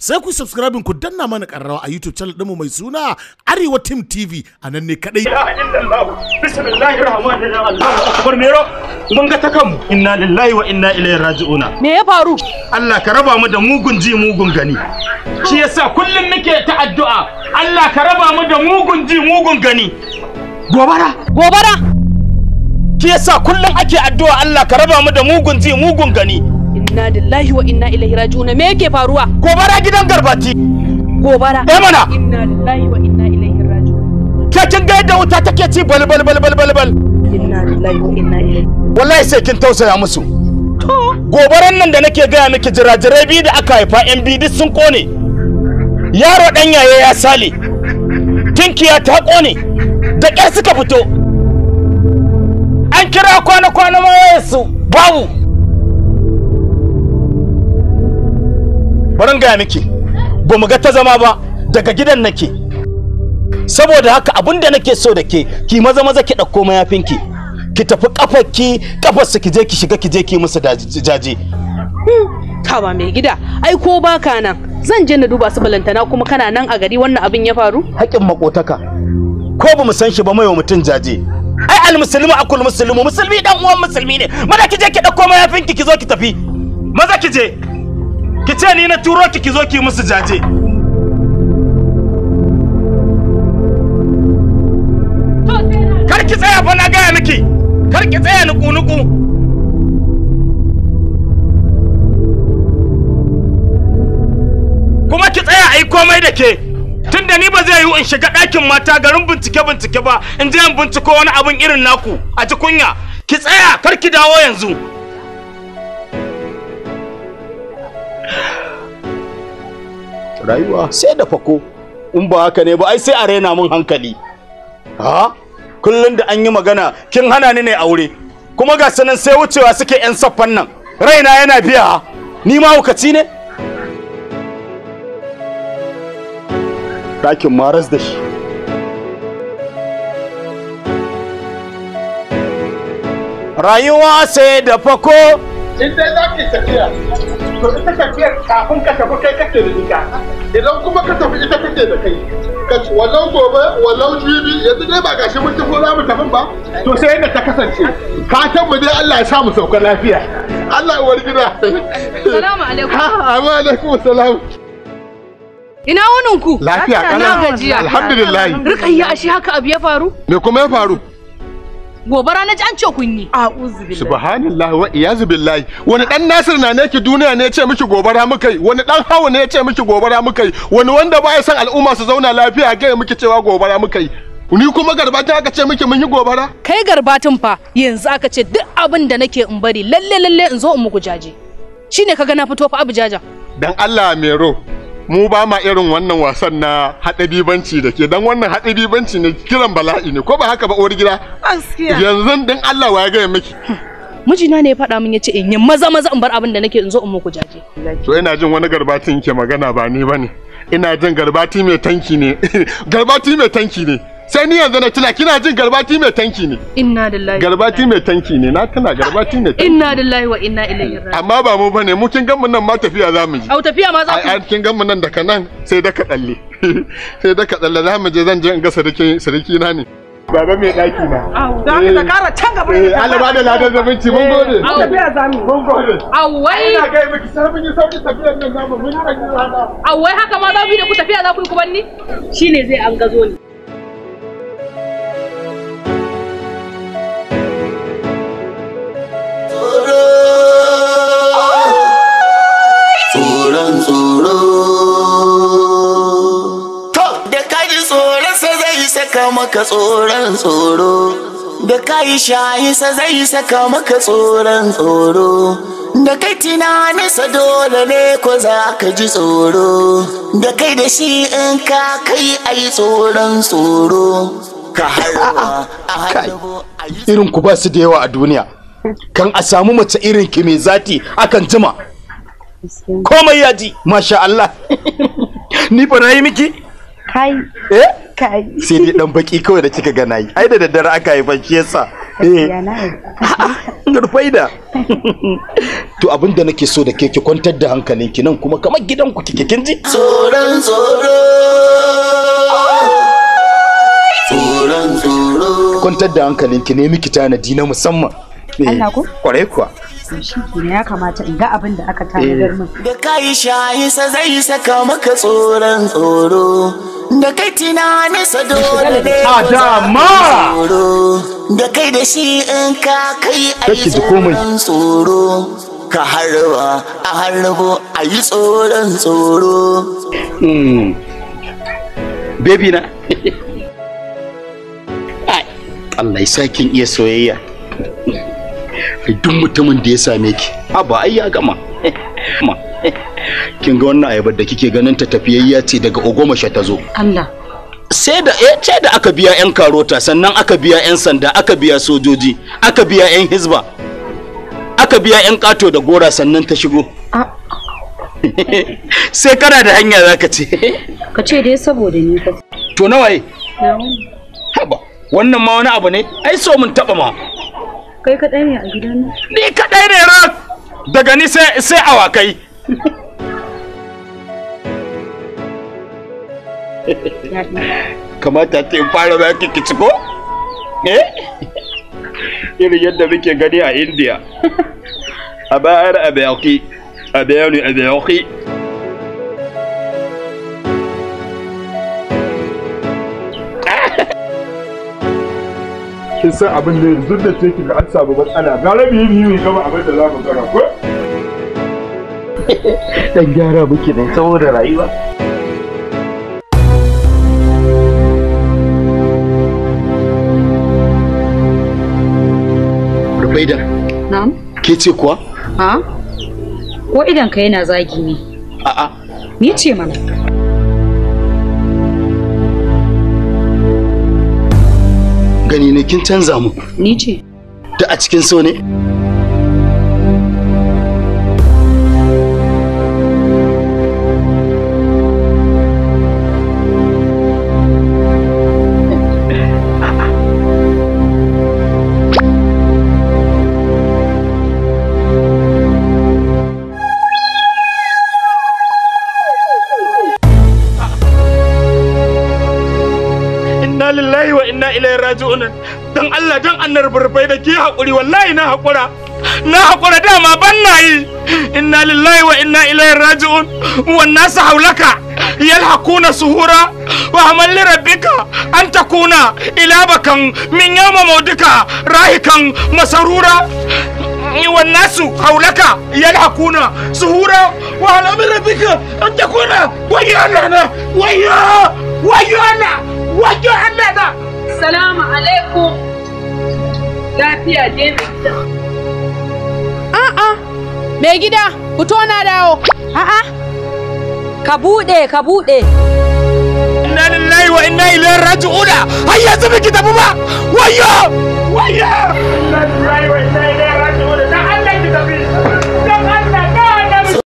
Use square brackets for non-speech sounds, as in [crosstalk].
sai ku subscribing ku danna mana karrawa a YouTube channel ɗinmu mai suna Arewa Team TV a nan ne kaɗai. Bismillahir Rahmanir Rahim. Allahu Akbar Nero. Mun ga ta kanmu. Inna lillahi wa inna ilaihi raji'una. Me ya faru? Allah ka raba mu da mugun ji mugun gani. Shi yasa kullum nake ta addu'a. Allah ka raba mu da mugun ji mugun gani. Gobara. Gobara. Shi yasa kullum ake addu'a Allah ka raba mu da mugun ji mugun gani. inna lillahi wa inna ilaihi raji'un me yake faruwa gobara gidan garbati gobara eh mana inna lillahi wa inna ilaihi raji'un ke kin ga yadda wuta take ci bal bal bal bal bal bal inna lillahi wa inna ilaihi wallahi sai kin tausaya musu to gobaran nan da nake gaya miki jirajirai biyu da aka haifa yan biyu sun kone yaro dan yaye ya sale tinkiya ta kone da ƙyar suka fito an kira kwana-kwana ma wayarsu babu bari gaya miki ba mu ga ta zama ba daga gidan nake saboda haka abin da nake so da ke ki maza maza ki ɗauko mayafinki ki tafi kafarki kafarsu ki je ki shiga ki je ki musu jaje kama mai gida ai ko baka nan zan je na duba su balantana kuma kana nan a gari wannan abin ya faru haƙin makotaka ko ba mu san shi ba mai mutum jaje ai muslimu akul muslimu musulmi dan uwan musulmi ne maza ki je ki ɗauko mayafinki ki zo ki tafi maza ki je ki ce ni na turo ki ki zo ki musu jaje kar ki tsaya fa na gaya miki kar ki tsaya nuku-nuku kuma ki tsaya a yi komai da ke tunda ni ba zai yiwu in shiga ɗakin mata garin bincike-bincike ba in je in binciko wani abun irin naku a ji kunya ki tsaya kar ki dawo yanzu rayuwa sai da fako in ba haka ne ba ai sai a raina mun hankali ha kullun da an yi magana kin hana ni ne aure kuma ga sanan sai wucewa suke yan saffan nan raina yana biya ni ma hukaci ne ɗakin maras da rayuwa sai da fako in dai ki tafiya to ita tafiyar kafin ka tafi kai kake da ita idan kuma ka tafi ita kake da kai walau gobe walau jibi yanzu dai ba gashi mun tafi za mu tafi ba to sai yadda ta kasance fatan mu dai Allah ya sa mu sauka lafiya Allah ya wargida assalamu alaikum wa alaikum salam ina wunin ku lafiya kana gajiya alhamdulillah rikayya ashe haka abu ya faru me kuma ya faru gobara na ji an ce A uzu billahi subhanallahi wa iyazu billahi wani dan nasir na ne ki duniya ne ya ce miki gobara yi. wani dan hawa ne ya ce miki gobara yi. wani wanda ba ya san al'umma su zauna lafiya ga miki cewa gobara yi. Ni kuma ta aka ce miki mun yi gobara? Kai garbatun fa yanzu aka ce duk abin da nake in bari lalle lalle in zo in muku jaje. Shine kaga na fito fa abu jaja. Dan Allah mero mu ba ma irin wannan wasan na bibanci da ke dan wannan bibanci ne kiran bala'i ne ko ba haka ba uwar gida yanzu din Allah wa ya gaya miki mijina ne ya faɗa min yace in yi maza maza in bar abin da nake in zo in muku jaje to ina jin wani garbatin ke magana ba ni bane ina jin garbati mai tanki ne [laughs] garbati mai tanki ne sai ni yanzu na tuna kina jin garbati mai tanki ne inna lillahi garbati mai tanki ne na tuna garbati mai tanki inna lillahi wa inna ilaihi raji'un amma ba mu bane mu kin ganmu nan ma tafiya za mu ji au tafiya ma za ku ai kin ganmu nan daga nan sai daka dalle [laughs] sai daka dalle za mu je zan je in ga sarki sarki na ne baba mai daki na au za ka kara can gaba ne eh, Allah ba da ladan zamanci mun eh, gode au tafiya za mu mun gode au wai ina ga miki sai yi sauki tafiyar nan mu mun rage rana au wai haka ma za ku yi da ku tafiya za ku yi ku banni shine zai an gazo ni ran tsoro da kai tsoro sai zai saka maka tsoron tsoro da ka yi sai zai saka maka tsoron tsoro da kai sa dole ne ko za ka ji tsoro da kai da shi in ka kai a yi tsoron tsoro ka haiwa a irin ku ba su da yawa a duniya kan a samu mace irin ki mai zati akan jima komai ya ji masha Allah [laughs] ni fa na yi miki kai eh kai sai dai dan baki kawai da kika ga nayi ai da daddare aka yi fanshi yasa eh faida [laughs] to abin da nake so da ke ki kwantar da hankalinki nan kuma kamar gidanku kike kin ji tsoron tsoro kwantar da hankalinki ne miki tanadi na musamman eh. Allah ko kwarai kuwa to shi ya kamata in ga abin da aka tanadar min eh. da kai shayi sa zai saka maka tsoron tsoro da kai tunanin sa dole ne a da kai da shi in ka kai a tsoron tsoro ka harba a harbo a tsoron tsoro hmm. baby na Allah ya sakin iya soyayya kai duk mutumin da ya same ki a ba ai ya gama kin ga wannan ayabar da kike ganin ta tafiyayya ce daga ogomasha ta zo Allah sai da eh, ce da aka biya yan karota sannan aka biya yan sanda aka biya sojoji aka biya yan hizba aka biya yan kato da gora sannan ta shigo ah. [laughs] sai kana da hanya zaka ce ka ce dai saboda ni ka to nawaye haba wannan ma wani abu ne ai so mun taba ma Kai kaɗai ne a gidan nan? Ni kaɗai ne ran Daga ni sai sai awakai. Kamata ta yi fara ba ki ciko? Eh? Irin yadda muke gani a India. A bayar a bayaki, a bayani a bayaki. ake san abin da duk da take da an samu matsala gara biyu biyu ne kama abin da za mu kara ko [laughs] dan gyara muke ne saboda rayuwa Rufaida. Na'am. Ke ce kuwa? Ha? Ko idan ka yana zagi ne? A'a. Ni ce mana. gani ne kin canza mu ni ce ta a cikin so ne jonan dan Allah annar barbai da ke haƙuri wallahi na haƙura na haƙura dama ban na yi inna lillahi wa inna ilaihi raji'un wannan su haulaka yalhaquna suhura wa rabbika an takuna min yawma maudika rahikan masarura والناس حولك يلحقون سهورا وعلى assalamu alaikum lafiya je mai gida a'a mai gida fito na dawo a'a ka bude ka bude inna lillahi wa inna ilaihi raji'una Hayya yanzu biki tafi ba wayyo wayyo inna lillahi wa inna